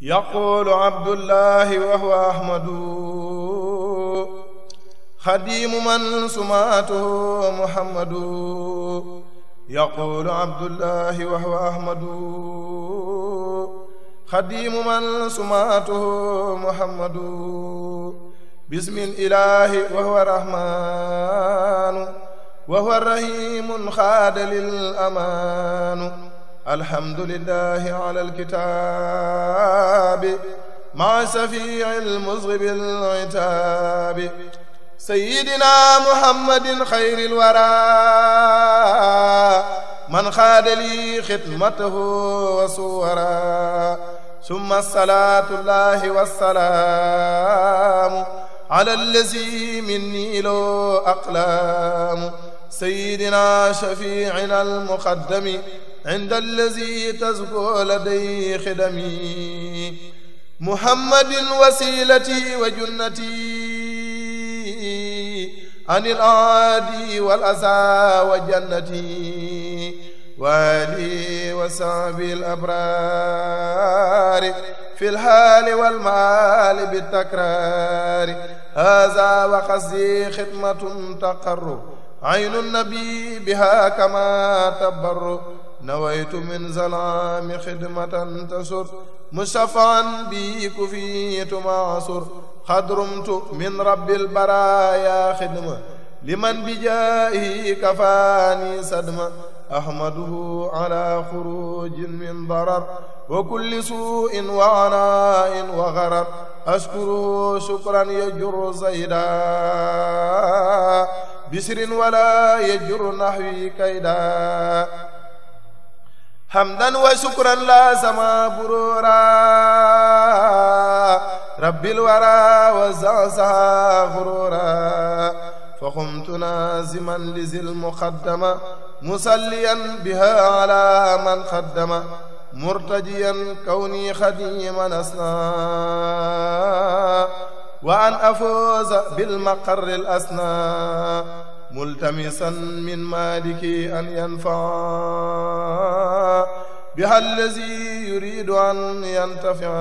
yaquulu abdullahi wa huwa ahmadu xadiimu man sumaatuhu muhammadu yaquulu abdullahi wa huwa ahmadu xadiimu man sumaatuhu muhammadu bismil ilaahi wa huwa rahmaanu wa huwa rahiimun xaadalil amaanu alhamdulillahi ala alkitaabi ma safiici almuzhibi alitaabi sayyidina muhammadin xayril wara man xaada lii xidmatahu wa suwara summa salaatullahi wassalaamu ala allazi minni loo aqlaamu sayyidina shafiicina almuqaddami inda allazi tazko laday xidami muhammadin wasilati wa junnati anil aadi wal asa wa jannati waali wa saabil abraari fil haali wal maali bi takraari haza wa xasi xidmatun taqarru aynu nabi biha kama tabarru nawaytu min zalaami xidmatan tasur musafaan bi ku fiitu maasur xadrumtu min rabbil baraaya xidma liman bi jaahi kafaani sadma ahmaduhu ala xurujin min darar wa kulli suin wa anaain wa garar ashkuru shukran yajur zayda bisrin wala yajur nahwi kayda حمدا وشكرا لازم برورا رب الورى وزعزع غرورا فقمت نازما لذي المقدمة مصليا بها على من خدم مرتجيا كوني خديما أسنى وأن أفوز بالمقر الأسنى multamisan min maliki an yanfaa biha allazi yuridu an yantafia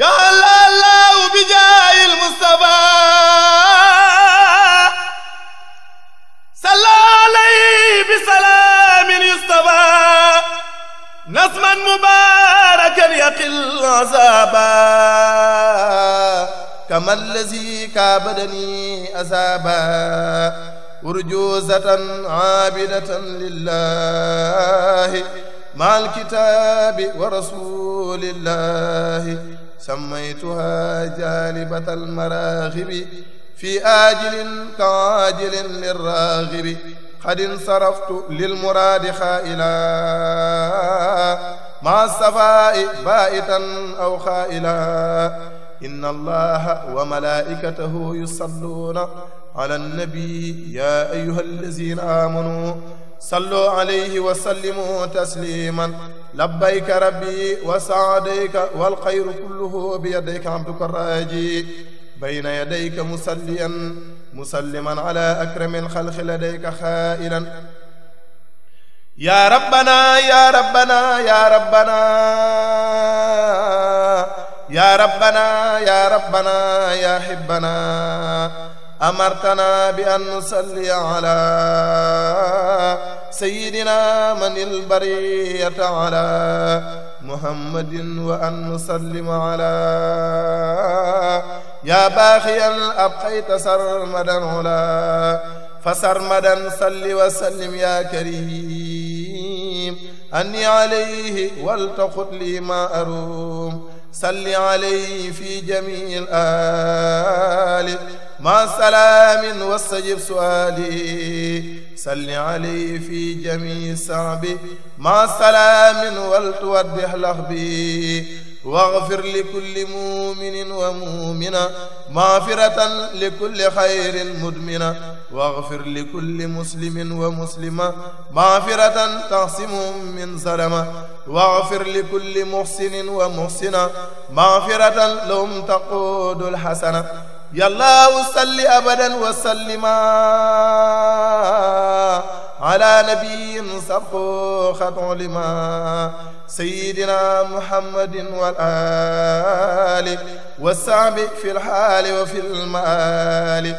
jala llahu bi jaayil mustafa salla alayhi bi salaamin yustafa nasman mubarakan yaqil azaba كما الذي كابدني أسابا أرجوزة عابدة لله مع الكتاب ورسول الله سميتها جالبة المراغب في آجل كعاجل للراغب قد انصرفت للمراد خائلا مع الصفاء بائتا أو خائلا inna allaha wa malaa'ikatahu yusalluuna ala nabi ya ayyuha allazina amanu sallu alayhi wa sallimu tasliman labbayka rabbi wa saadayka wal xayru kulluhu bi yadayka abduka raaji bayna yadayka musalliyan musalliman ala akrami alxalqi ladayka xaa'ilan ya rabbana ya rabbana ya rabbana yaa rabbana yaa rabbana yaa hibbana amartana bi an nusalli ala sayyidina manil bariyata ala muhammadin wa an nusallima ala yaa baaxiyan abqayta sarmadan ala fa sarmadan salli wa sallim yaa karim anni alayhi wal taqut li ma arum salli alayhi fi jamii al-aali ma salaamin wastajib su'aali salli alayhi fi jamii sa'bi ma salaamin wal tuwaddih lahbi واغفر لكل مؤمن ومؤمنة مغفرة لكل خير مدمنة واغفر لكل مسلم ومسلمة مغفرة تحسمهم من سلمة واغفر لكل محسن ومحسنة مغفرة لهم تقود الحسنة يا الله صل أبدا وسلما ala nabiyin sabqu xatun lima sayyidina muhammadin wal ali wa saabi fil xaali wa fil maali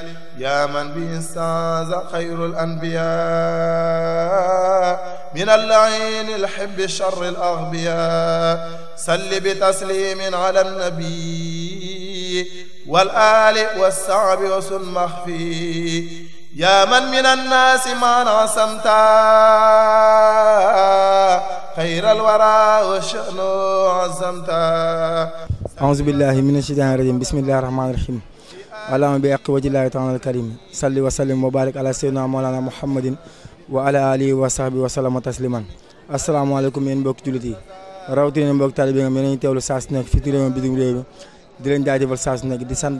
yaa man bi saaza xayrul anbiyaa minal la'iinil hibbi sharril aghbiyaa salli bi tasliimin alan nabi wal aali wa saabi wa sun maxfi yaa man min annaasi maana samta xayral wara wa sha'nu azamta a'uuzu billahi mina shaytaani rajim bismillahi rahmaani rahim allahumma bi haqqi wajhillahi ta'ala al-karim salli wa sallim wa barik ala sayyidina mawlana muhammadin wa ala alihi wa sahbihi wa sallama tasliman asalaamaaleykum yéen mbokki jullit yi rawatina mbokki taalibe bi nga yéen a ngi teewlu saa su nekk fii ci réew mi bitim réew mi di leen jaajëfal saa su nekk di sant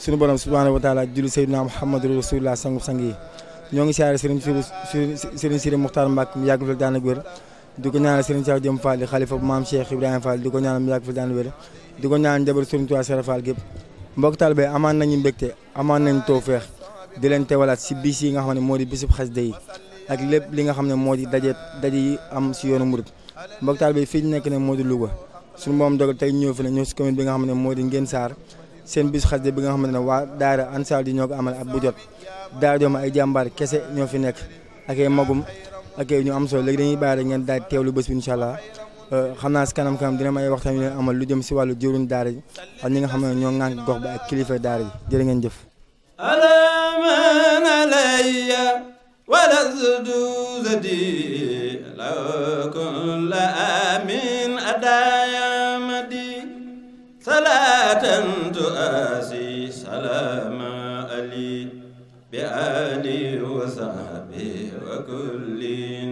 suñu borom subhaanahu wa taala julli sayyidina muhammadu rasulullah sangu sang yi ñoo ngi siyaare sëriñ sëriñ sëriñ Muxtaar Mbàkke mu yàgg fi daan ak wér di ko ñaanal sëriñ Saw Jëm Fall xalifa bu maam Cheikh Ibrahima Fall di ko ñaanal mu yàgg fi daan wér di ko ñaanal njabar sëriñ Tuubaa Sëriñ Fall gépp mbokk taalibe amaan nañu mbégte amaan nañu tawfeex di leen teewalaat si bis yi nga xam ne moo di bisub xasida yi ak lépp li nga xam ne moo di daje daje yi am si yoonu murit mbokk taalibe fii ñu nekk ne moo di Louga suñu moom dogal tey ñëw fi ne ñëw si commune bi nga xam ne moo di Ngéen Sarr seen bis xasida bi nga xamante ne waa daara ansaar yi ñoo ko amal at bu jot daara dooma ay jàmbaar kese ñoo fi nekk ak ay magum ak ay ñu am solo léegi dañuy bàyyi rek ngeen daal teewlu bés bi incha allah euh, xam naa si kanam kanam dina may waxtaan yu amal lu jëm si wàllu jëwriñ daara yi ak ñi nga xam ne ñoo ŋànk gox bi ak kilifa daara yi jërë ngeen jëf ولا الزدوزدي لو كن لأمين الفاسي سلام علي بآلي وصحبي وكل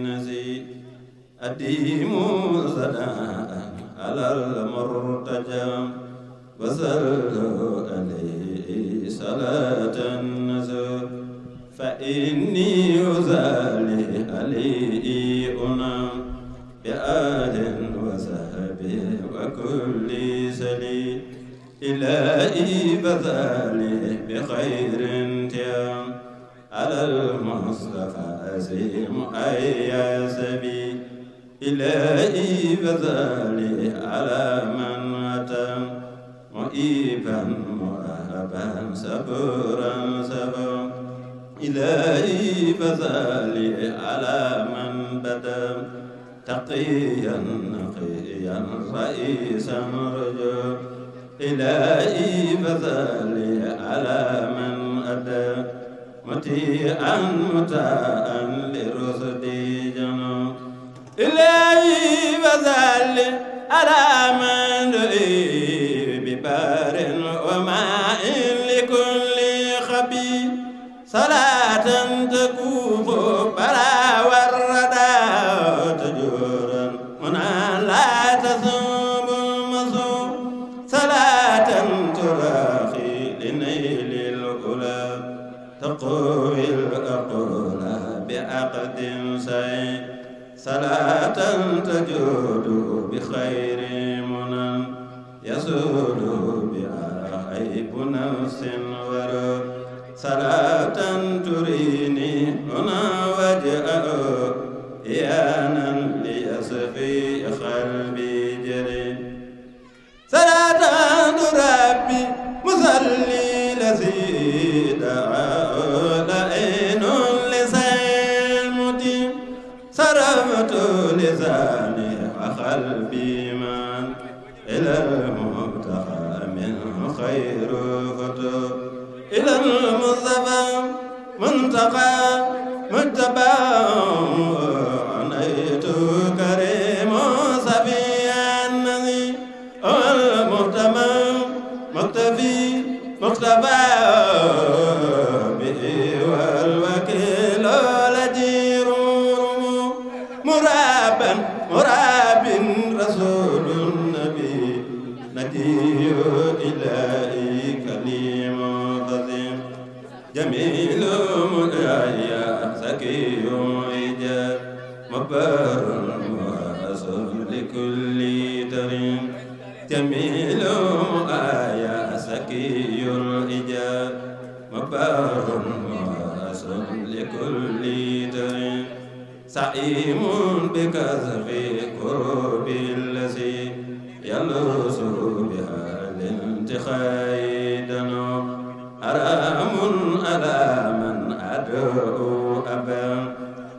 نزي أديم صلاة على المرتجى وصلوا عليه صلاة النزول فإني أزال إلهي بذلي بخير تيام على المصطفى أزيم أي سبي إلهي بذلي على من أتم مؤيبا مؤهبا سبورا سبا إلهي بذلي على من بدم تقيا نقيا رئيسا رجل إلهي فصل على من أتى مطيعا متاء لرشدي جنو إلهي فصل على من رئي ببار تجود بخير منن يزول بأرائب نفس ورد صلاة تريني هنا وجأه إيانا ليصفي قلبي جري صلاة منتقى مجتبى جميل آيا سكي الإجاب مبار وأصل لكل دين سعيم بكذب كرب الذي يلوس بها الانتخاء دنو حرام على من أدعو أبا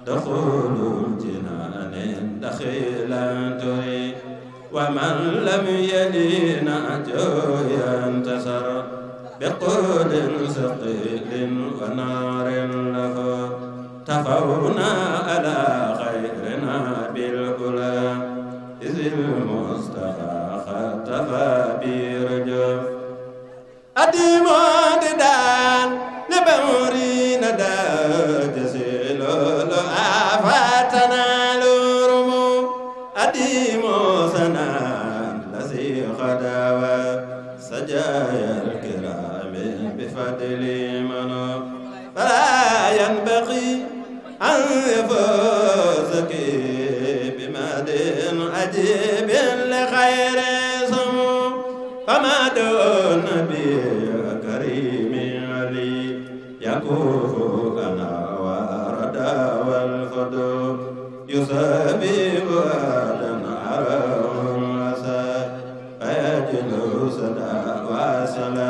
دخول الجنان دخيلا ومن لم يلين أجو ينتصر بقود ثقيل ونار له تفونا على خيرنا بالأولى إذ المصطفى خطف برجف أديمون تدليمنا فلا ينبغي أن يفوزك بمد عجيب لخير سمو فما دون نبي كريم علي يكون أنا وأرد والفضل يسبب أهلا عرم عسى فيجلس وسلام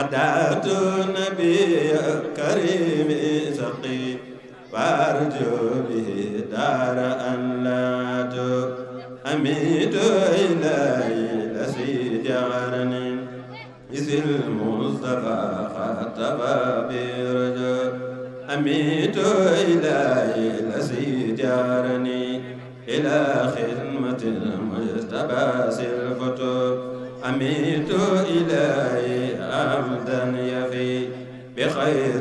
مدات النبي كريم سقي وارجو به دار ان لا اميد الي الذي جعلني اذ المصطفى خطب برجو اميد الي الذي جعلني الى خدمه المجتبى سلفته اميد الي حمدا يفي بخير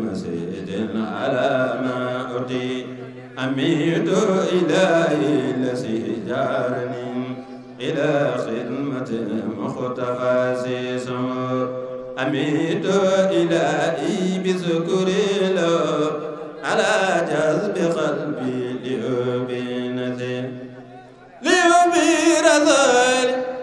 مزيد على ما أتي أميد إلهي الذي جارني إلى خدمة مختفى سمر أميد إلهي بذكر له على جذب قلبي لأبي نذير لأبي رذل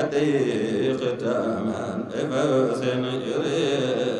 أتيقت من إفوس يريد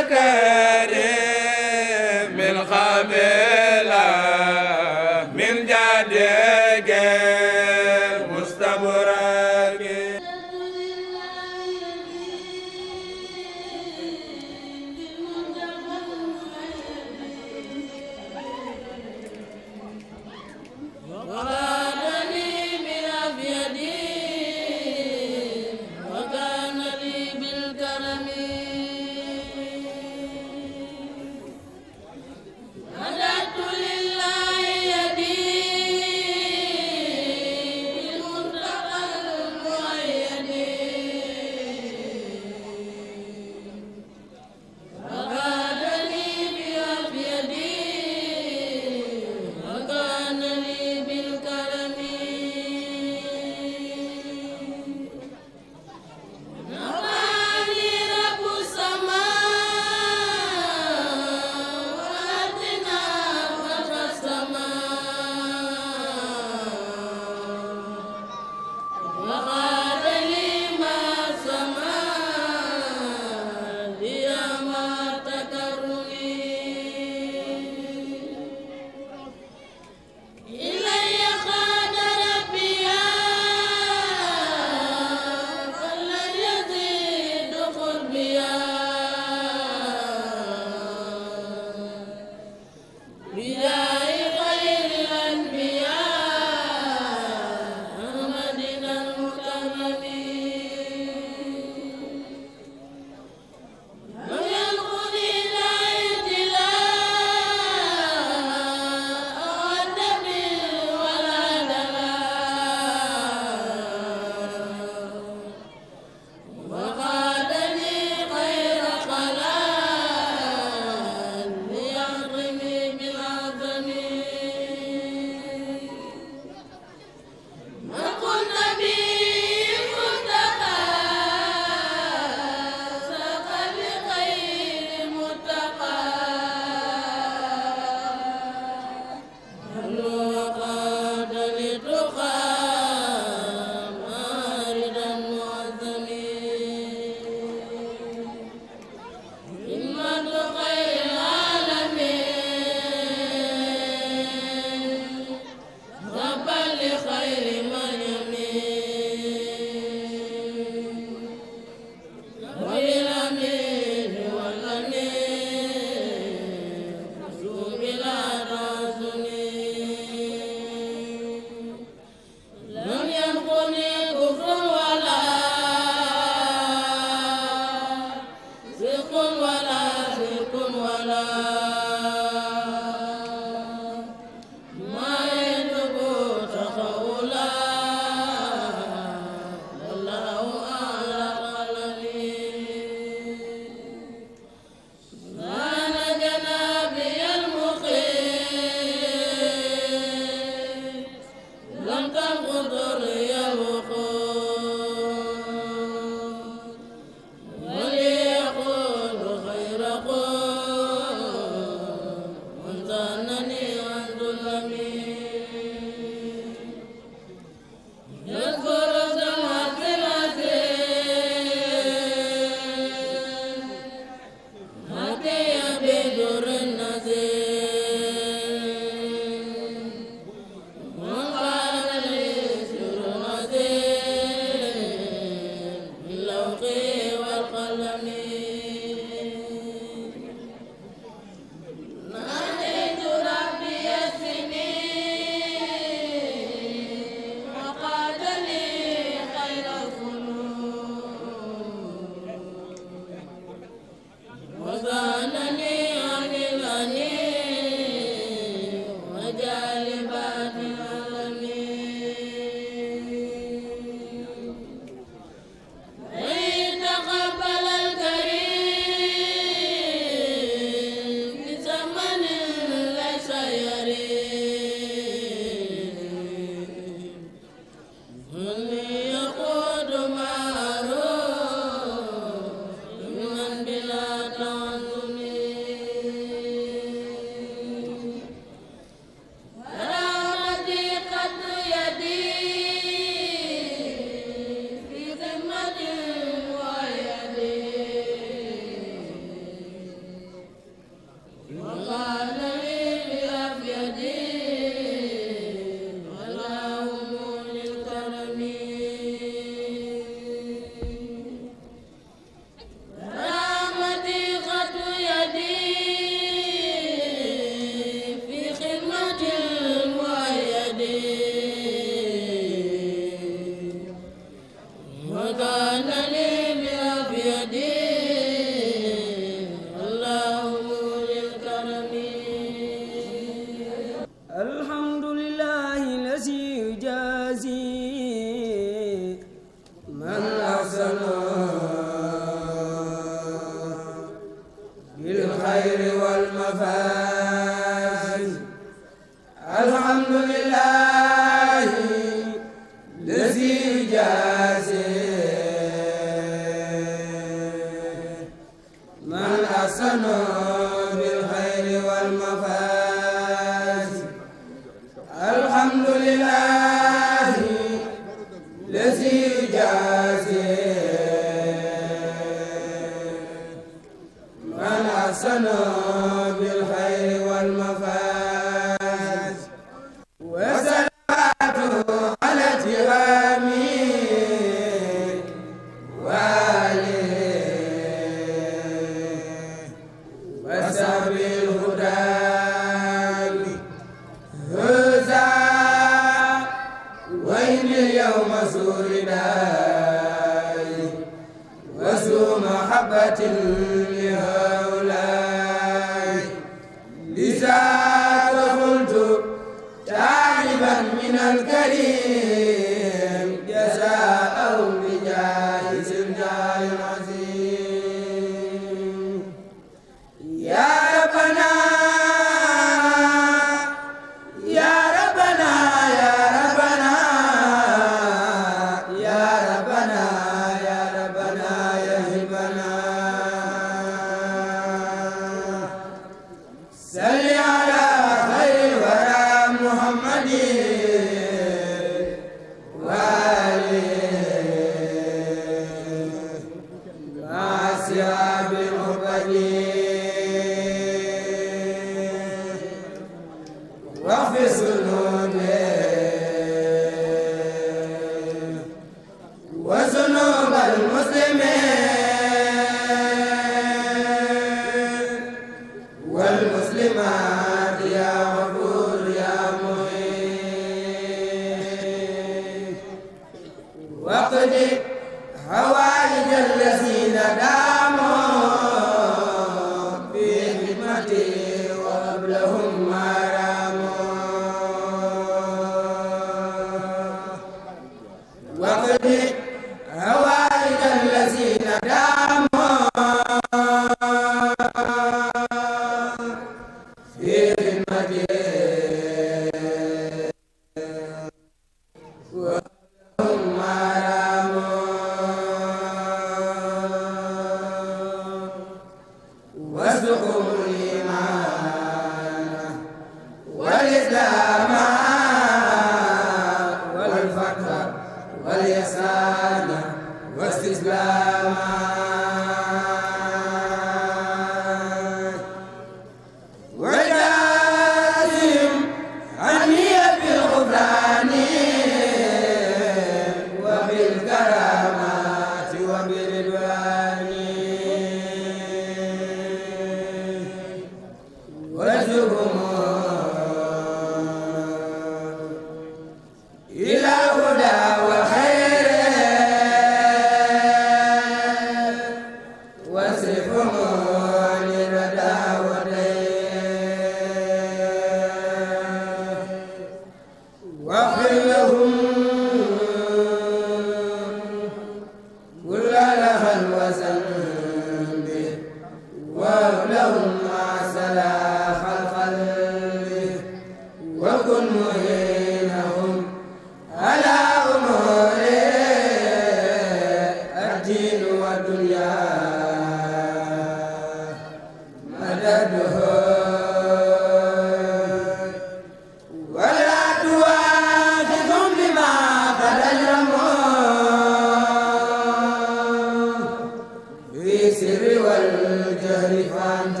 الشريف أنت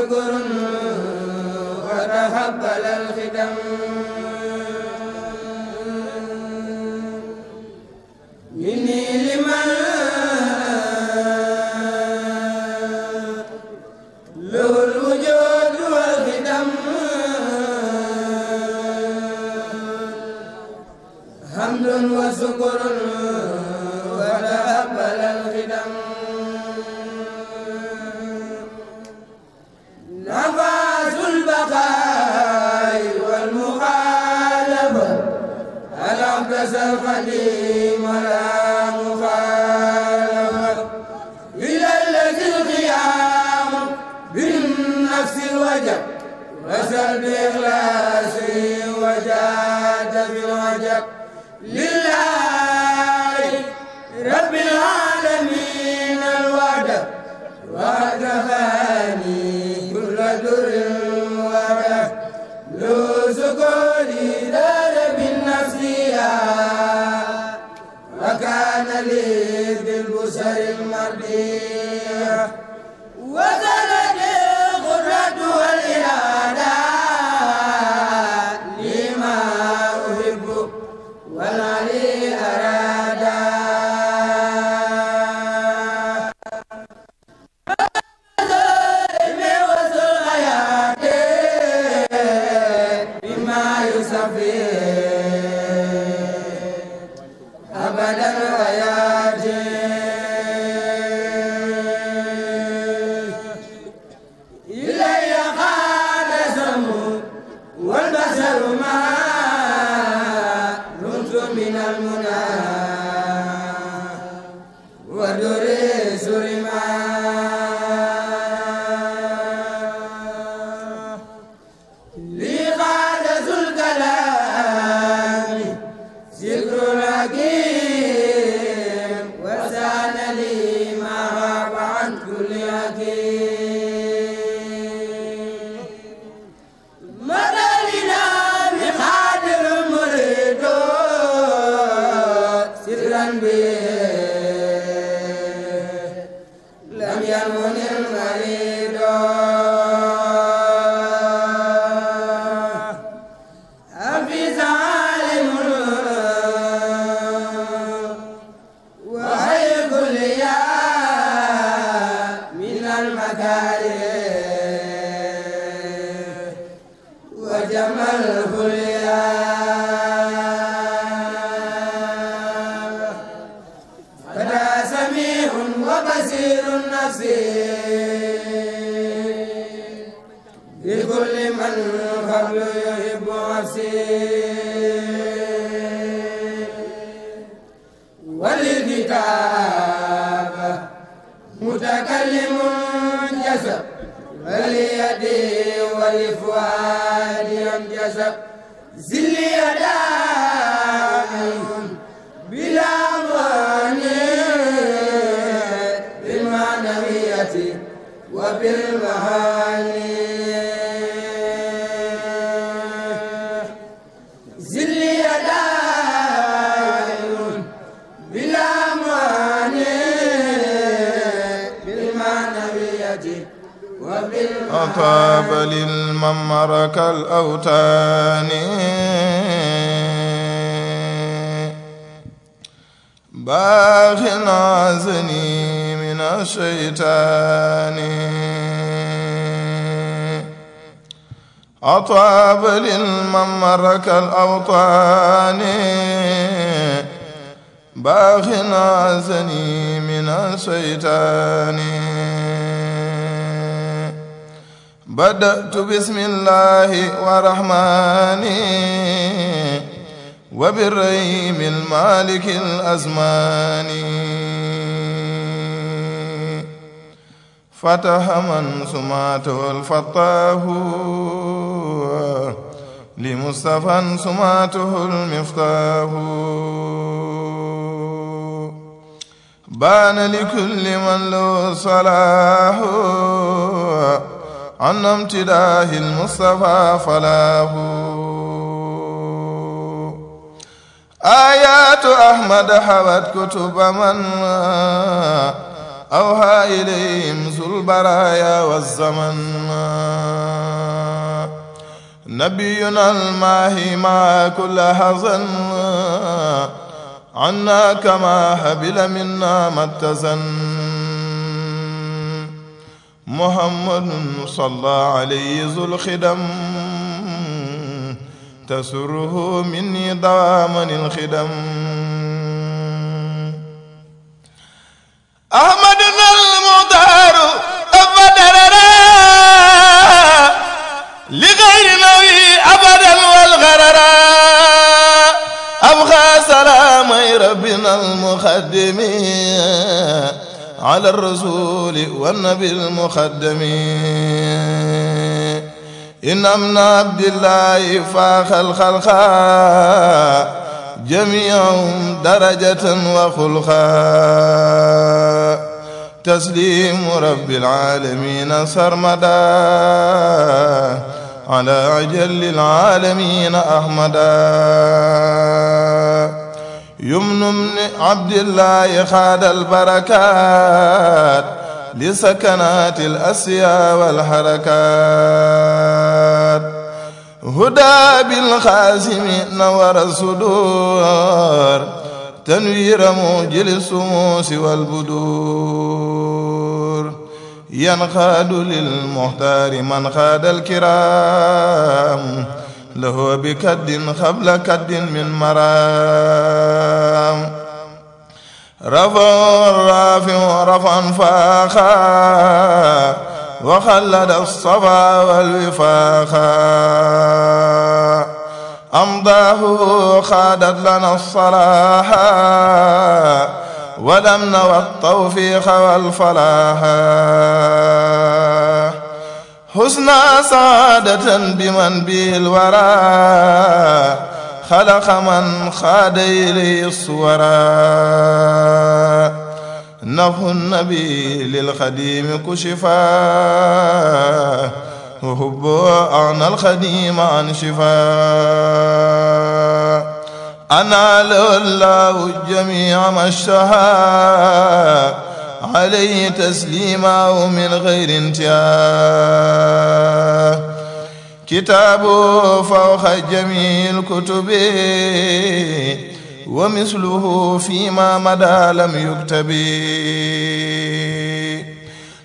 شكر وتهبل الختم عليه معرك الأوطان باخ عزني من الشيطان بدأت بسم الله ورحمن وبالريم المالك الأزمان فتح من سماته الفتاه لمصطفى سماته المفتاح بان لكل من له صلاح عن امتداه المصطفى فلاه آيات أحمد حوت كتب من أوها إليهم ذو البرايا والزمن نبينا الماهي مع كل حزن عنا كما هبل منا ما اتزن محمد صلى عليه ذو الخدم تسره مني دواما الخدم أحمد المخدم على الرسول والنبي المخدم إن أمن عبد الله فاخ الخلق جميعهم درجة وخلقا تسليم رب العالمين سرمدا على أجل العالمين أحمدا yumnum ni abdillahi xaadal barakaat li sakanaatil asyaa wal xarakaat hudaa bil xaasimi nawara sudur tanwiira mujili sumuusi wal budur yan xaadu lil muxtaari man xaadal kiraam له بكد قبل كد من مرام رفع الرافع رفعا فاخا وخلد الصفا والوفاخا أمضاه خادت لنا الصلاح ولم نوى التوفيق والفلاح حسنا سعادة بمن به الورى خلق من خاد إليه الصورى نفه النبي للخديم كشفا وحبه أعنى الخديم عن شفا أنا لله جميع ما اشتهى عليه تسليما من غير انتهاء كتابه فوق جميع الكتب ومثله فيما مدى لم يكتب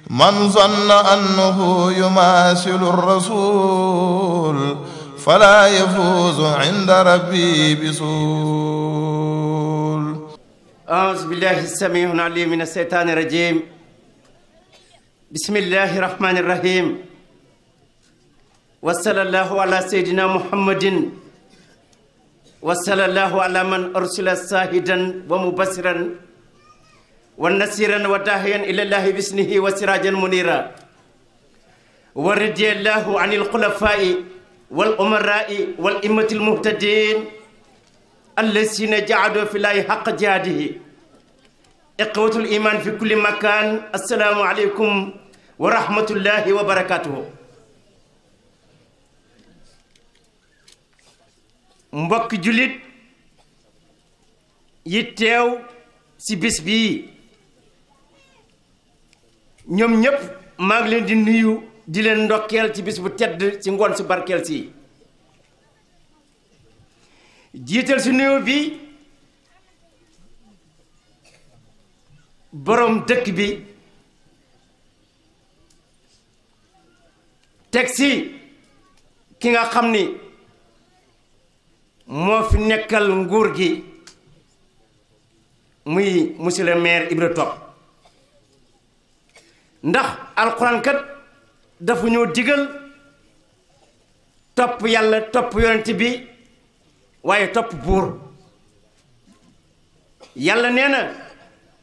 من ظن أنه يماثل الرسول فلا يفوز عند ربي بسول أعوذ بالله السميع العليم من الشيطان الرجيم بسم الله الرحمن الرحيم وصلى الله على سيدنا محمد وصلى الله على من أرسل شاهدا ومبصرا ونصيرا وداعيا إلى الله بإذنه وسراجا منيرا ورضي الله عن الخلفاء والأمراء والأئمة المهتدين allasina jaadoo fi laay xaq jihaadihi iqwatul iman fi kulli makaan assalaamu aleykum wa rahmatullahi mbokk jullit yi teew ci bis bii ñoom ñépp maa ngi leen di nuyu di leen ndokkeel ci bis bu tedd ci ngoon su barkeel si jiital ci nuyoo bi boroom dëkk bi teg ci ki nga xam ni moo fi nekkal nguur gi muy monsieur le maire Ibra Top ndax alxuraan dafa ñoo digal topp yàlla topp yonent bi waaye topp buur yàlla nee na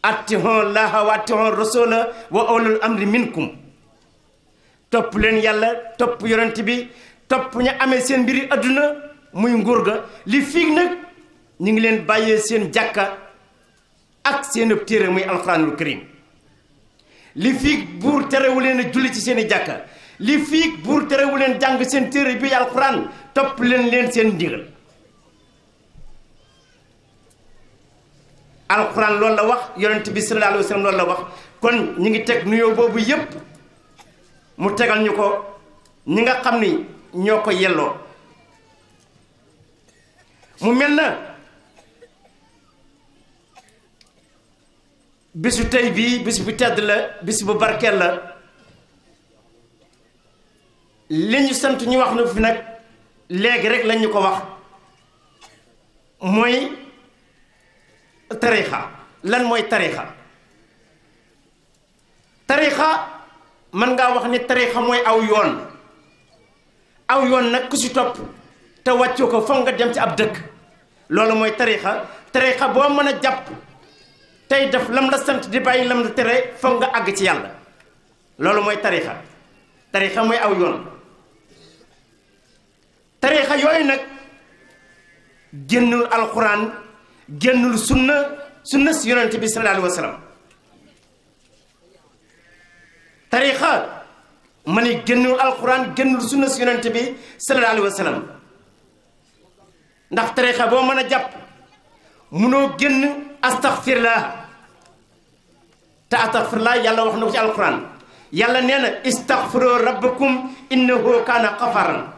attihon laaha wa attihon am wa ulul minkum topp leen yàlla topp yonent bi topp ñu amee seen mbiri adduna muy nguur ga li fiig nag ñu ngi leen bàyyee seen jàkka ak seen ëb téere muy alxuraanul karim li fiig buur terewu leen a ci seeni i jàkka li fiig buur terewu leen jàng seen téere bi alxuraan topp leen leen seen ndigal alxuraan loolu la wax yonent bi sallallahu alayhi wa la wax kon ñi ngi teg nuyoo boobu yépp mu tegal ñu ko ñi nga xam ni ñoo ko yelloo mu mel na bisu tey bii bisu bu tedd la bisu bu barkeel la li ñu sant ñu wax na fi nag léegi rek lañu ko wax mooy tarixa lan mooy tarixa tarixa man ngaa wax ne tarixa mooy aw yoon aw yoon nag ku si topp te wàccu ko foog nga dem ci ab dëkk loolu mooy tarixa tarixa boo mën a jàpp tey def lam la sant di bàyyi lam la tere foog nga àgg ci yàlla loolu mooy tarixa tarixa mooy aw yoon tarixa yooyu nag génnul alxuraan génnul sunna sunna si yonente bi sallallahu alayhi tarixa ma ni génnul alquran sunna si yonente bi sallallahu alayhi ndax tarixa boo mën a jàpp munoo génn astaxfirlaa te astaxfirlaa yàlla wax na ko ci alquran yàlla nee na istaxfiroo rabbakum innahu kaana xafaran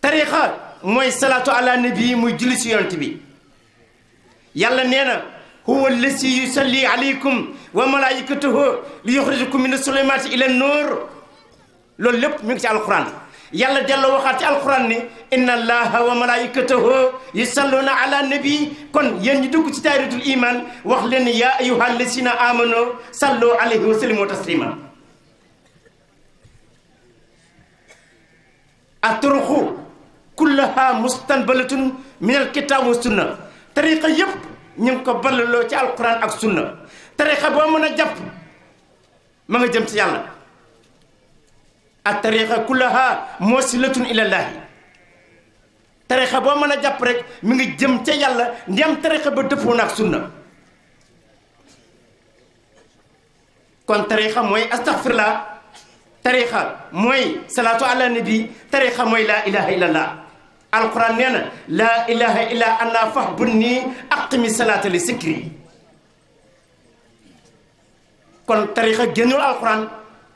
tarixa mooy salaatu ala nabi muy julli si yonent bi yàlla nee na huwa allasi yusalli alaykum wa malaikatuhu li yuxrijukum min asulumaati ila noor loolu lépp mi ngi ci alquran yàlla delloo waxaat ci alquran ni inna allaha wa malaikatahu yusalluna ala nabi kon yéen ñi dugg ci daayratul iman wax leen ya ayuha allasina amano sallu alayhi wa sallimu taslima aturuxu kullaha mustanbalatun min alkitab wa sunna tariqa yëpp ñu ko ballaloo ci alquran ak sunna tariqa boo mën a jàpp ma nga jëm ci yàlla ak tariqa kullaha musilatun boo mën a jàpp rek mi ngi jëm ca yàlla ndiyam tariqa ba dëppoo na ak sunna kon tariqa mooy astaghfirullah tariqa mooy salaatu ala nabi tariqa mooy laa ilaha illallah alquran nee na laa ilaha illa anna fahbunni aqimi salaata li kon tarixa génnul alquran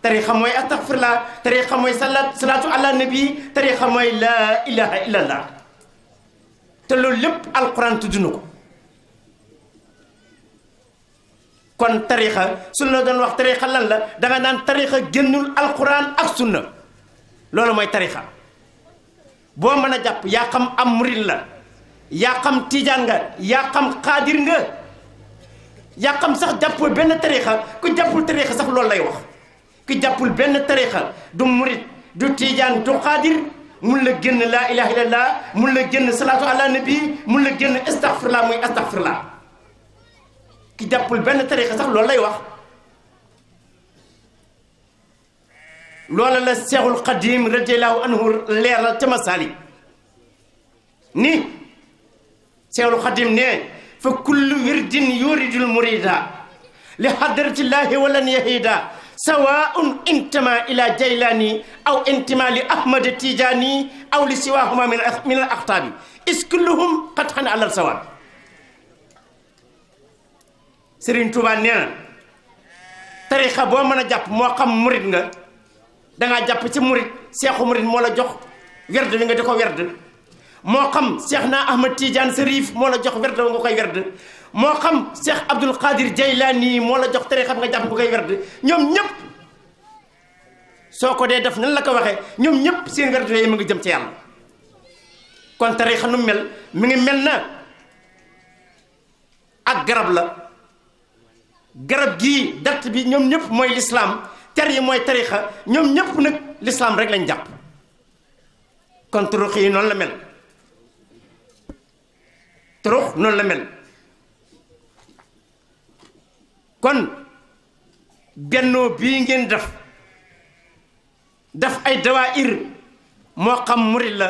tarixa mooy astaghfirullah tarixa mooy salaat salaatu ala nabi tarixa mooy laa ilaha illallah te loolu lépp alquran tudd na ko kon tarixa suñ la doon wax tarixa lan la da nga naan tarixa génnul ak sunna loolu mooy tarixa boo mën a jàpp yaa xam am murit la yaa xam tiijaan nga yaa xam xaadir nga yaa xam sax jàppul benn tariixa ku jàppul tariixa sax loolu lay wax ku jàppul benn tariixa du murit du tiijaan du xaadir mun la génn laa ilaha illallah mun la génn salaatu ala nabi mun la génn astaghfirullah muy astaghfirullah ki jàppul benn tariixa sax loolu lay wax loola la Seexul Xadim radiyallaahu anhu leeral ca Masaalik ni Seexul Xadim ne fa kullu wirdin yuridul murida li xadratillaahi walan yahida sawaun intama ila jaylani aw intima li ahmad tijani aw li siwahuma min al axtaabi is kulluhum xatxan alal sawaabi Sëriñ Tuubaa nee na tarixa boo mën a jàpp moo xam murit nga dangaa jàpp ci murit seexu murit moo la jox werd wi nga di ko werd moo xam seex naa Ahmad Tidiane Serif moo la jox werd wi nga koy werd moo xam seex Abdul Qadir Jaylaani moo la jox tere xam nga jàpp nga koy werd ñoom ñëpp soo ko dee def nan la ko waxee ñoom ñëpp seen werd yooyu mu ngi jëm ci yàlla kon tarixa nu mel mi ngi mel na ak garab la garab gii datt bi ñoom ñëpp mooy lislaam ter yi mooy tarixa ñoom ñëpp nag lislaam rek lañ jàpp kon turux yi noonu la mel turux noonu la mel kon bennoo bii ngeen def daf ay dawaayir moo xam murit la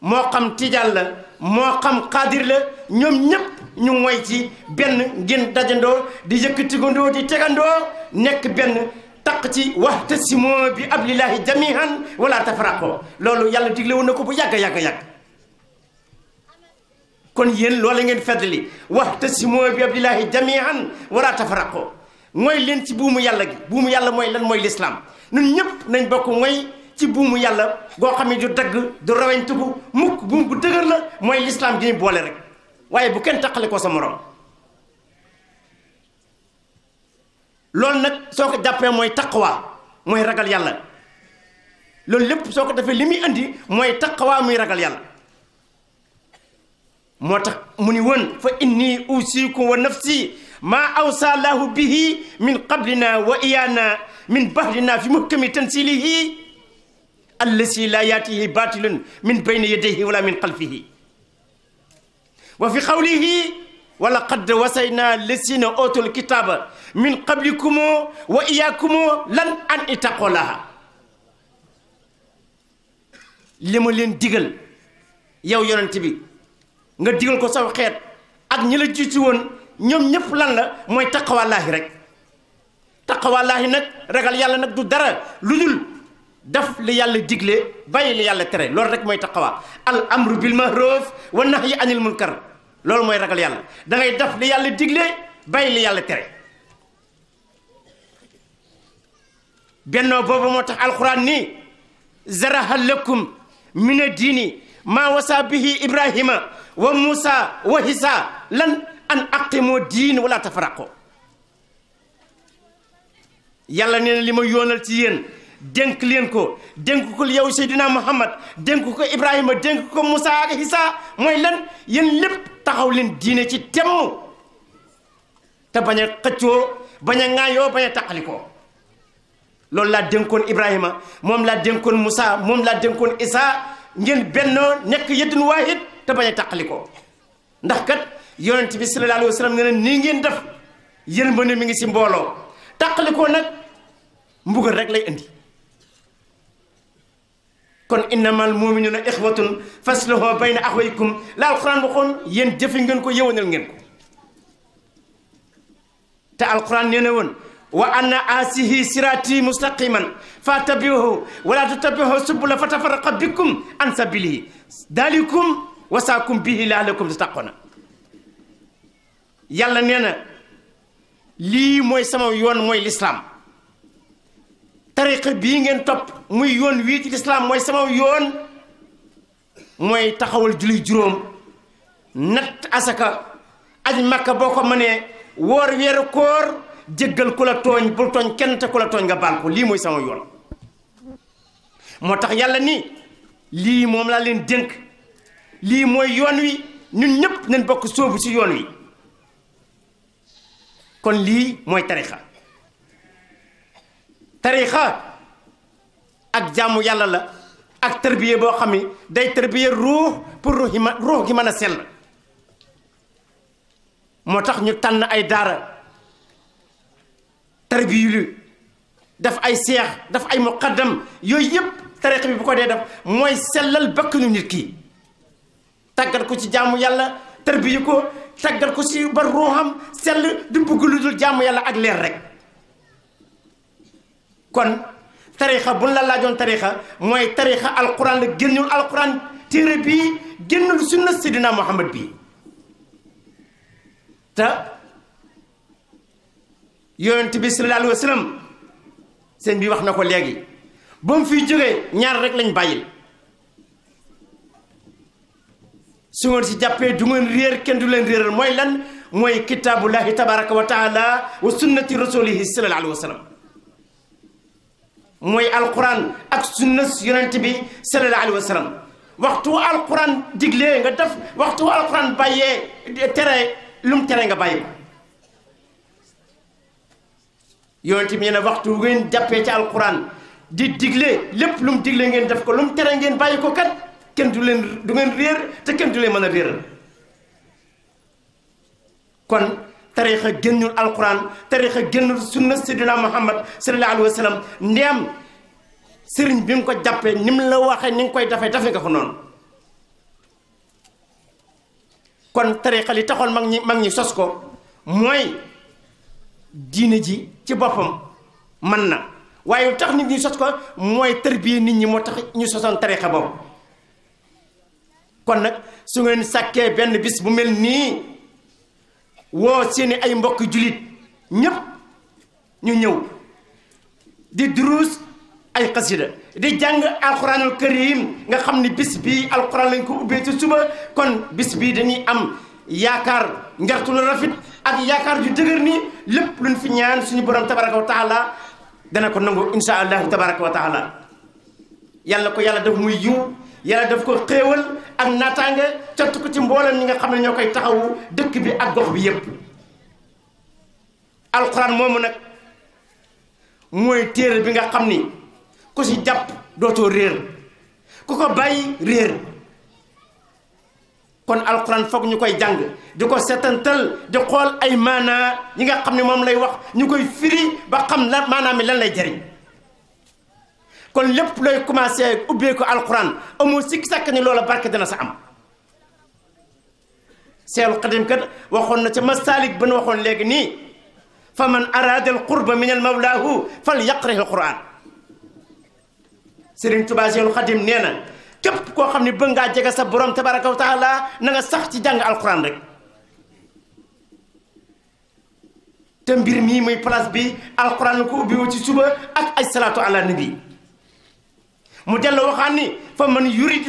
moo xam tijaan la moo xam xaadir la ñoom ñëpp ñu moy ci benn ngeen dajandoo di yëkkatigandoo di tegandoo nekk benn taq ci waxtasimu bi ab ablillahi jamihan wala tafaraqo loolu yàlla digle woon na ko bu yàgg yàgg yàgg kon yéen loola ngeen feddali waxtasimu bi ablillahi jamihan wala tafaraqo mooy leen ci buumu yàlla gi buumu yàlla mooy lan mooy lislaam ñun ñëpp nañ bokk mooy ci buumu yàlla goo xam ne du dagg du rawañ tugu mukk buum bu dëgër la mooy lislaam gi boole rek waaye bu kenn taqale ko sa morom loolu nag soo ko jàppee mooy taqwa mooy ragal yàlla loolu lépp soo ko defee li muy andi mooy taqwa muy ragal yàlla moo tax mu ni woon fa inni usikum wa nafsi maa awsa laahu bihi min qablina wa iyaana min bahdina fi muhkami tansilihi allazi laa yaatihi batilun min bayni yadayhi wala min xalfihi wa fi qawlihi wala qad wasayna lesina ootul kitaaba min qablikumoo wa iyaakumoo lan an itaqolaha li ma leen digal yow yonent bi nga digal ko saw xeet ak ñi la jiitu woon ñoom ñëpp lan la mooy taqawallaahi rek taqawallaahi nag ragal yàlla nag du dara lu dul daf li yàlla digle bàyyi li yàlla tere loolu rek mooy taqawa al amru bil mahruf wa nahyi anil kar loolu mooy ragal yàlla da ngay def yàlla digle bàyyi li yàlla tere bennoo boobu moo tax alxuraan nii zaraha lakum min a diini maa wasa bihi ibrahima wa muusa wa hisa lan an aqimoo diin wala tafaraqo yàlla nee li ma yoonal ci yéen dénk leen ko dénk ko yow Seydina Muhammad dénk ko Ibrahima dénk ko Moussa ak Isa mooy lan yéen lépp taxaw leen diine ci temm te bañ a xëccoo bañ a ŋaayoo bañ a taqalikoo loolu laa dénkoon Ibrahima moom laa dénkoon musaa moom laa dénkoon Isa ngeen bennoo nekk yëddun waahid te bañ a taqalikoo ndax kat yonent bi sallallahu alayhi wa sallam nee na nii ngeen def yërmande mi ngi ci mbooloo taqalikoo nag mbugal rek lay indi kon innamal muminuna ixwatun fasluhu bayna axwaykum la alquran waxoon yéen jëfi ngeen ko yëwanal ngeen ko te alquran nee na woon wa anna asihi sirati mustaqiman fatabiuhu wala tutabihu subula fatafaraqa bikum an sabilihi dalikum wasaakum bihi laalakum tattaquna yàlla nee na lii mooy sama yoon mooy lislaam tariqa bii ngeen topp muy yoon wii ci lislaam mooy sama yoon mooy taxawal julli juróom natt asaka aj makka boo ko mënee woor weeru koor jéggal ku la tooñ bul tooñ kenn te ku la tooñ nga baal ko lii mooy sama yoon moo tax yàlla nii lii moom laa leen dénk lii mooy yoon wi ñun ñëpp nañ bokk sóobu ci yoon wi kon lii mooy tarixa tarixa ak jaamu yàlla la ak tërbiye boo xam ni day tërbiye ruux pour ruux ruux gi mën a sell moo tax ñu tànn ay daara tarbiyulu daf ay seex daf ay muqaddam yooyu yëpp tarixa bi bu ko dee def mooy sellal bakkanu nit ki tàggat ko ci jàmm yàlla tërbiye ko tàggat ko ci ba ruuxam sell du bëgg lu yàlla ak leer rek kon tarixa buñ la laajoon tarixa mooy tarixa alquran la génnul alquran téere bii génnul sunna sidina muhammad bii te yonent bi sallallahu alayhi wa seen bi wax na ko léegi ba mu fiy jógee ñaar rek lañ bàyyil su ngeen si jàppee du ngeen réer kenn du leen réeral mooy lan mooy kitaabullahi tabaraka wa taala wa sunnati rasulihi sallallahu alayhi wa sallam mooy alquran ak sunna yonent bi sallallahu alayhi wa sallam waxtu alquran digle nga def waxtu alquran bàyyee tere lum mu tere nga bàyyi ko yonent bi ne waxtu ngeen jàppee ci alquran di digle lépp lum mu ngeen def ko lum mu tere ngeen bàyyi ko kat kenn du leen du ngeen réer te kenn du leen mën a réeral kon tarixa génnul alquran tarixa génnul sunna sidina muhammad sallallahu alayhi wa sallam ndeem sëriñ bi nga ko jàppee ni mu la waxee ni nga koy dafee dafe nga ko noonu kon tarixa li taxoon mag ñi mag ñi sos ko mooy diine ji ci boppam man na waaye lu tax nit ñi sos ko mooy tërbiye nit ñi moo tax ñu sosoon tarixa boobu kon nag su ngeen sàkkee benn bis bu mel nii woo seeni ay mbokk julit ñépp ñu ñëw di duruus ay xasida di jàng alquranul karim nga xam ni bis bi alquran lañ ko ubbee ci suba kon bis bii dañuy am yaakaar njartu lu rafet ak yaakaar ju dëgër ni lépp luñ fi ñaan suñu borom tabaraka wa taala dana ko nangu insha allahu tabaraka wa taala ko yàlla def muy yiw yàlla daf ko xéewal ak naataange cant ko ci mboolem ñi nga xam ne ñoo koy taxawu dëkk bi ak gox bi yépp alxuraan moomu nag mooy téere bi nga xam ni ku ci jàpp dootoo réer ku ko bàyyi réer kon alxuraan foog ñu koy jàng di ko setantal di xool ay maanaa ñi nga xam ne moom lay wax ñu koy firi ba xam la maanaa mi lan lay jariñ kon lépp looy commencé ak ubbee ko alxuraan amul sikki sàkk ni loola barke dana sa am seelu xadim kat waxoon na ci masaalik ba nu waxoon léegi nii fa man araada al qurba min al mawlaahu fal yaqrih al quraan sëriñ tubaa seelu xadim nee na képp koo xam ni bëgg ngaa jege sa borom tabaraka wa taala na nga sax ci jàng alxuraan rek te mbir mii muy place bi alxuraan ko ubbi wu ci suba ak ay salaatu ala nabi mu dellu waxaan ni fa man yurid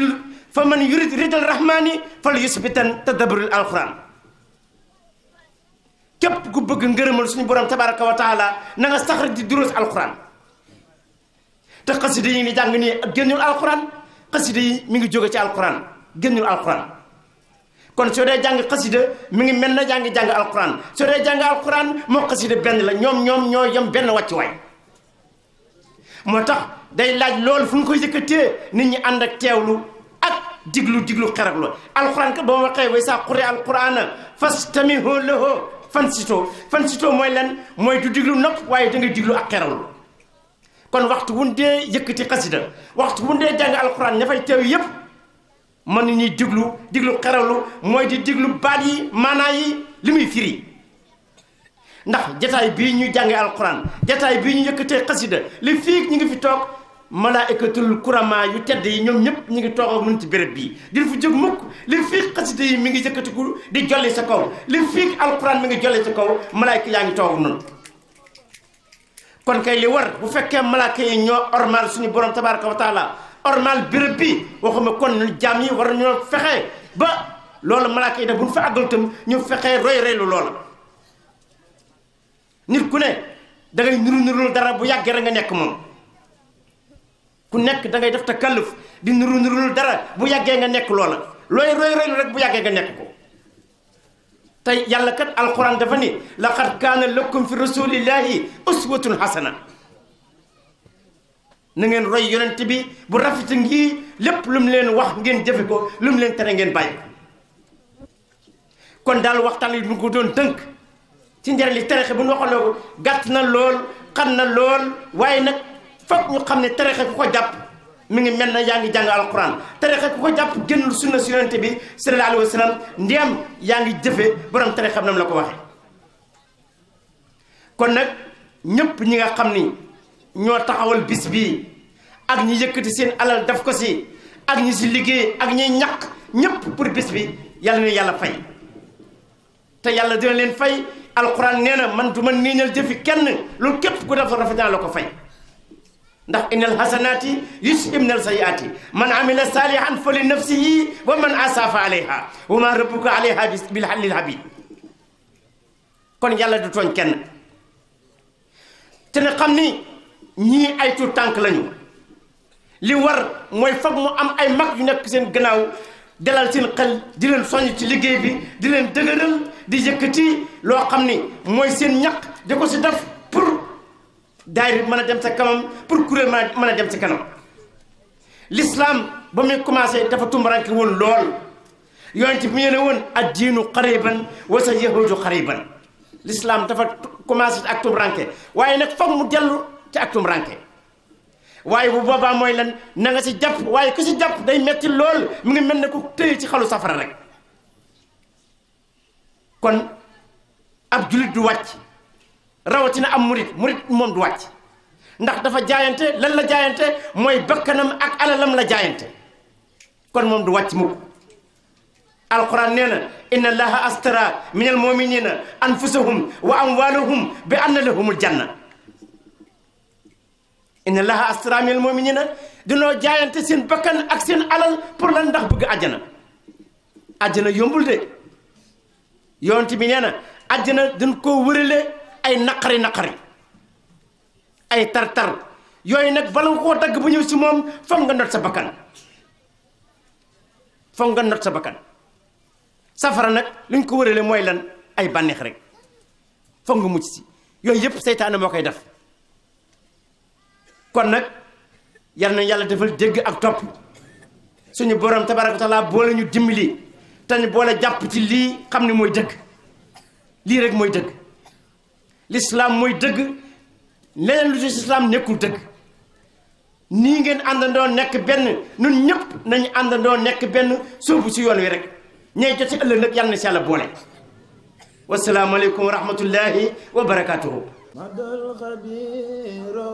fa man yurid ridal rahmaani fal yusbitan tadabburil alquran képp ku bëgg ngërëmal suñu borom tabaraka wa taala na sax rek di duruus alquran te xasida yi ni jàng nii génnul alquran xasida yi mi ngi jóge ci alquran génnul alquran kon soo dee jàng xasida mi ngi mel na jàng jàng alquran soo dee jàng alquran moo xasida benn la ñoom ñoom ñoo yem benn wàccuwaay moo tax day laaj loolu fu ñu koy yëkkatee nit ñi ànd ak teewlu ak diglu diglu xeraklu alxuraan ka ba ma xëy way saa xure alxuraan fastamihu lahu fansitoo fansitoo mooy lan mooy du diglu nopp waaye da diglu ak xeraklu kon waxtu wun dee yëkkati xasida waxtu wun dee jàng alxuraan ña fay teew yépp mën ñuy diglu diglu xeraklu mooy di diglu baat yi maanaa yi li muy firi ndax jataay bii ñuy jàngee alxuraan jataay bii ñu yëkkatee xasida li fii ñu ngi fi toog malaaykatul kurama yu tedd yi ñoom ñëpp ñu ngi toog ak nun ci béréb bii dil fu jóg mukk li fiig xasida yi mi ngi gu di jolli sa kaw li fiig alquran mi ngi jolli sa kaw malaayka yaa ngi toog ak nun kon kay li war bu fekkee malaaka yi ñoo ormal suñu borom tabaraka wa taala ormal béréb bi waxuma kon ñu jaam yi war ñoo fexe ba loolu malaaka yi def bu fa àggal itam ñu fexee roy reylu loolu nit ku ne da ngay nuru dara bu yàggee rek nga nekk moom ku nekk da ngay def te kalluf di nuru nurul dara bu yàggee nga nekk loola looy roy rek bu yàggee nga nekk ko tey yàlla kat alquran dafa ni laqad kaana lakum fi rasulillahi uswatun hasana na ngeen roy yonent bi bu rafet ngi lépp lu leen wax ngeen jëfe ko leen tere ngeen bàyyi ko kon daal waxtaan yi mu ko doon tënk ci njëriñ li terexe bu ñu waxoon ko gàtt na lool xan na lool waaye nag fokk ñu xam ne tarixa ku ko jàpp mi ngi mel na yaa ngi jàng alquran tarixa ku ko jàpp génnul sunna si yonente bi sallallahu alayhi wa sallam ndiyam yaa ngi jëfe borom tarixa nam la ko waxe kon nag ñëpp ñi nga xam ni ñoo taxawal bis bi ak ñi yëkkati seen alal def ko si ak ñi si liggéey ak ñi ñàkk ñëpp pour bis bi yàlla na yàlla fay te yàlla dina leen fay alquran nee na man du ma niiñal jëfi kenn loolu képp ku def rafet naa la ko fay ndax innal xasanaati yusibnal sayiaati man amila salihan fa li nafsihi wa man asafa alayha wa ma rabbuka alayha bil lil habib kon yàlla du tooñ kenn te xam ni ñii ay tuut tànk lañu li war mooy foog mu am ay mag yu nekk seen gannaaw dalal seen xel di leen soññ ci liggéey bi di leen dëgëral di yëkkati loo xam ni mooy seen ñaq di ko si def daayira mën a dem sa kanam pour kuréel mën a dem sa kanam l'islam ba muy commencé dafa tumbaranke woon lool yonent bi ñu woon ad diinu xariban wa sa yahudu xariban l'islam dafa commencé ak tumbaranke waaye nag foog mu dellu ci ak tumbaranke waaye bu boobaa mooy lan na nga si jàpp waaye ku si jàpp day metti lool mu ngi mel ne ku tëye ci xalu safara rek kon ab jullit du wàcc rawatina am murit murit moom du wàcc ndax dafa jaayante lan la jaayante mooy bakkanam ak alalam la jaayante kon moom du wàcc mukk alquran nee na inna allaha astara min al muminina anfusahum wa amwalahum bi anna lahumul jaayante seen bakkan ak seen alal pour lan ndax bëgg àjjana àjjana yombul de yonent bi nee na àjjana dañ koo wërale ay naqari naqari ay tar-tar yooyu nag bala nga koo dagg bu ñëw si moom foog nga not sa bakkan foog nga not sa bakkan safara nag li ñu ko wërale mooy lan ay bànneex rek foog nga mucc si yooyu yëpp seytaane moo koy def kon nag yal na yàlla defal dégg ak topp suñu boroom tabaraka boole ñu dimbali te ñu boole jàpp ci lii xam ne mooy dëgg lii rek mooy dëgg lislaam mooy dëgg leneen lu ci lislaam nekkul dëgg nii ngeen àndandoo nekk benn nun ñëpp nañu àndandoo nekk benn soobu si yoon wi rek ñay jot si ëllëg nag yàlla na si yàlla boole wasalaamualeykum wa rahmatullahi wa barakatuhu madal xabiro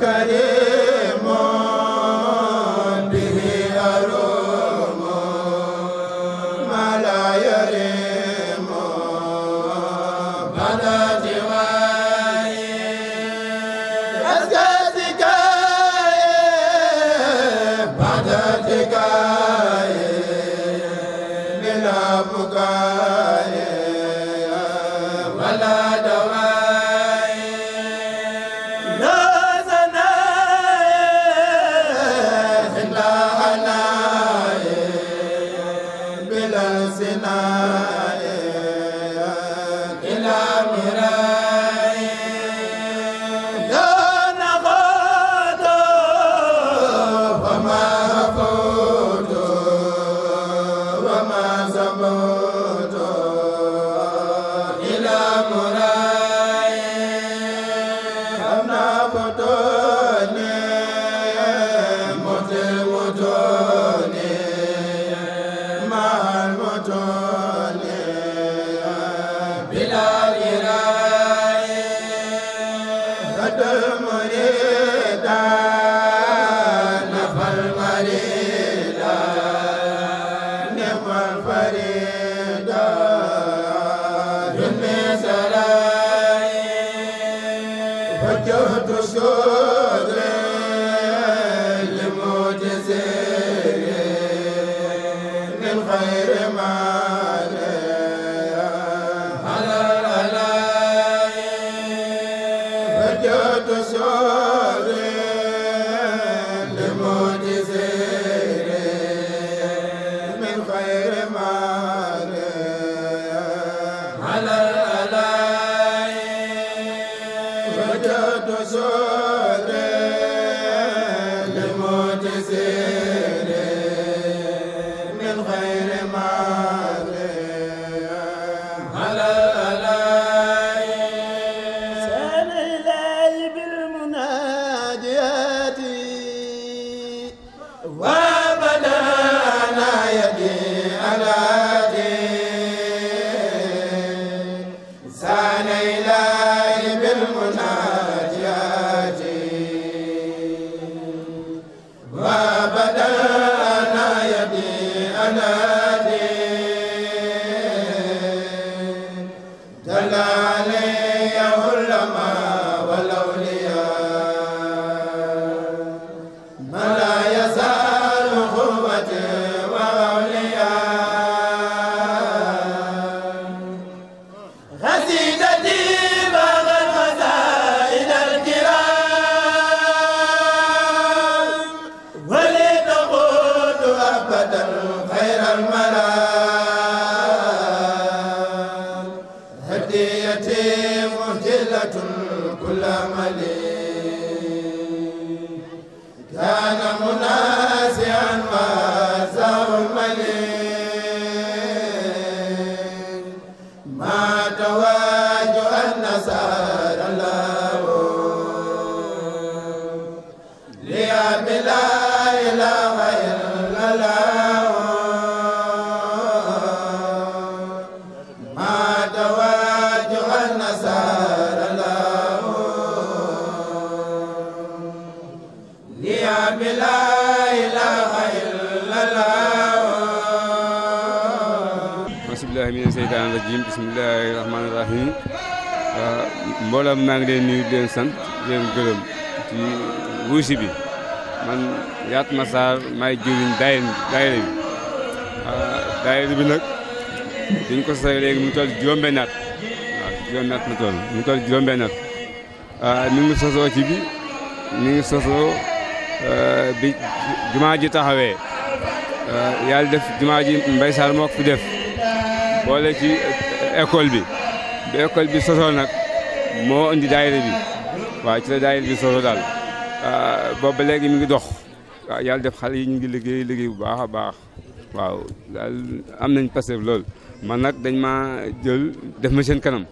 kare Sarr maay jëriñ daayira daayira bi daayira bi ah, nag dañ ko sosay léegi mu toll juróom-benn at juróom-benn at mu toll mu toll juróom-benn at mi ah, ngi sosoo ci bi mi ngi sosoo ah, bi jumaa ji taxawee yàlla def jumaa ji Mbay Sarr moo ko fi def boole ci école bi bi école bi sosoo nag moo indi daayira bi waaw ci la daayira bi sosoo daal boobu ba léegi mi ngi dox waaw yàlla def xale yi ñu ngi liggéey liggéey bu baax a baax waaw daal am nañ Pastef lool man nag dañ maa jël def ma seen kanam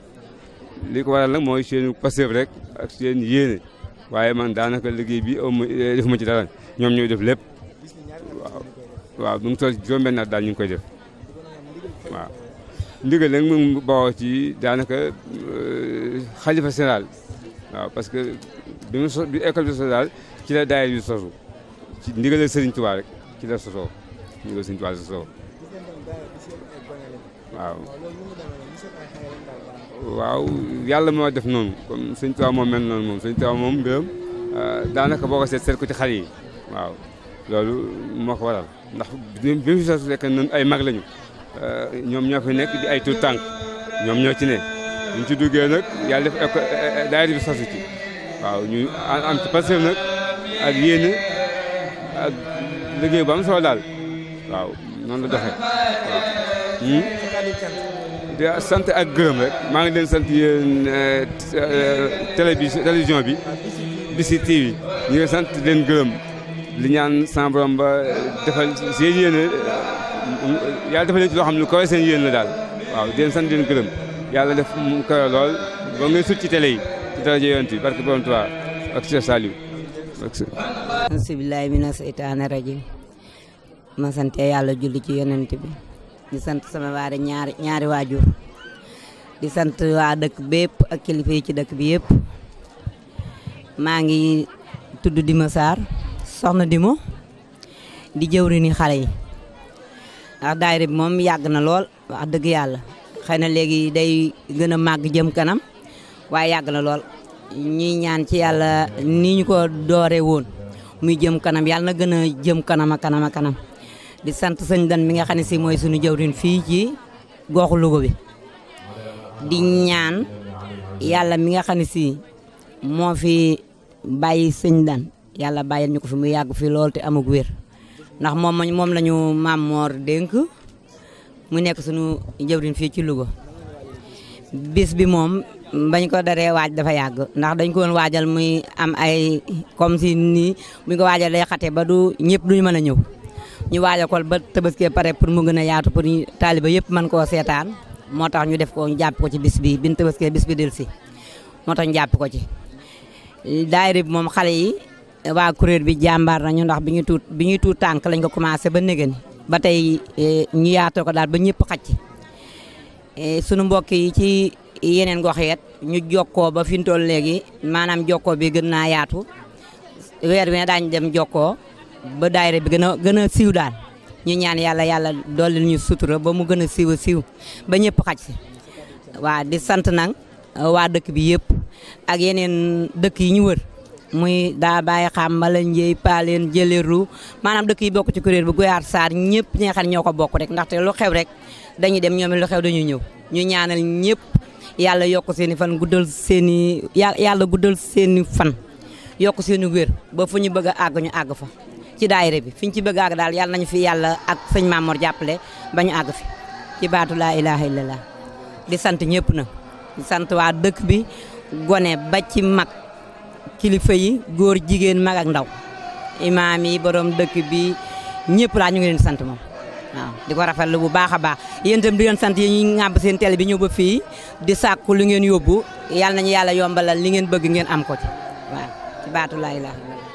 li ko waral nag mooy seen Pastef rek ak seen yéene waaye man daanaka liggéey bi aw eh, def ma ci dara ñoom ñooy def lépp mu toll juróom-benn daal ñu ngi koy def waaw ndigal nag mu bawoo ci daanaka euh, xalifa général waaw parce que bi mu so bi école bi so daal ci la daayira yu sosu ci ndigalal Serigne Touba rek ci la sosoo ndigal Serigne Touba la sosoo waaw yàlla moo def noonu comme Serigne Touba moom mel noonu moom Serigne Touba moom mbiram euh, daanaka boo ko seet seet ko ci xale yi waaw loolu moo ko waral ndax bi mu fi sos rek noonu ay mag lañu euh, ñoom ñoo fi nekk di ay ñoom ñoo ci ne ñu ci duggee nag yàlla def euh, daayira bi sosu ci waaw ñu am ci passé nag ak yéene ak liggéey bu solo daal waaw noonu la doxee hmm? di sant ak gërëm rek maa ngi leen sant yéen eh, télévision bi Bichri TV ñu sant leen gërëm li ñaan sama borom ba defal seen yéene yàlla defal leen ci xam ne kawe yéen la daal waaw di leen sant leen gërëm yàlla def mu kawe lool ba ngay sut ci télé yi ci daraja yonent bi barke borom Tuubaa ak Cheikh Saliou ansibilahi mina seytaane rajim ma sante yàlla julli ci yonent bi di sant sama waare ñaari ñaari waajur di sant waa dëkk bépp ak kilifa yi ci dëkk bi yëpp maa ngi tudd di masaar soxna Dima di jëwrini xare yi ndax daayira bi moom yàgg na lool wax dëgg yàlla xëy na léegi day gën a màgg jëm kanam waaye yàgg na lool ñuy ñaan ci yàlla ni ñu ko doore woon muy jëm kanam yàlla na gën a jëm kanam a kanam a kanam di sant sëñ Dan mi nga xam ne si mooy suñu jawrin fii ci goxu Louga bi di ñaan yàlla mi nga xam ne si moo fi bàyyi sëñ Dan yàlla bàyyil ñu ko fi mu yàgg fi lool te amug wér ndax moom moom lañu maam moor dénk mu nekk sunu jawrin fii ci Louga bis bi moom bañ ko daree waaj dafa yàgg ndax dañ ko woon waajal muy am ay comme si nii buñ ko waajal day xate ba du ñëpp duñ mën a ñëw ñu waajal ko ba tabaski pare pour mu gën a yaatu pour taaliba yëpp mën koo seetaan moo tax ñu def ko ñu jàpp ko ci bis bi biñ tabaski bis bi del si moo tax jàpp ko ci daayira bi moom xale yi waa kuréel bi jàmbaar ñu ndax bi ñu tuut bi ñuy tuut tànk lañ ko commencé ba négéni ba tey eh, ñu yaatoo ko daal ba ñëpp xacc eh, sunu mbokk ci yeneen gox yeet ñu jokkoo ba fi mu toll léegi maanaam jokkoo bi gën naa yaatu weer bi ne dem jokkoo ba daayira bi gën a gën a siiw daal ñu ñaan yàlla yàlla dolli ñu sutura ba mu gën a siiw a siiw ba ñëpp xacc waa di sant nag uh, waa dëkk bi yëpp ak yeneen dëkk yi ñu wër muy daa bàyyi xam mbala njëy paaleen jëleru maanaam dëkk yi bokku ci kuréel bu Guyaar Sarr ñëpp ñi nga ñoo ko bokku rek ndaxte lu xew rek dañuy dem ñoom lu xew dañuy ñëw ñu ñaanal ñëpp yàlla yokk seen i fan guddal seeni i yàlla guddal seen i fan yokk seen i wér ba fu ñu bëgg a àgg ñu àgg fa ci daayira bi fi ñu ci bëgg a daal yàlla nañu fi yàlla ak sëñ Mamour jàppale ba ñu àgg fi ci baatu laa ilaaha illallah di sant ñëpp nag sant waa dëkk bi gone ba ci mag kilifa yi góor jigéen mag ak ndaw imaam yi borom dëkk bi ñëpp laa ñu ngi leen sant moom. di ko rafetlu bu baax a baax yéen itam di leen sant yi ñuy ŋàbb seen télé bi ñëw ba fii di sàkku lu ngeen yóbbu na nañu yàlla yombalal li ngeen bëgg ngeen am ko ci waaw ci baatu laay la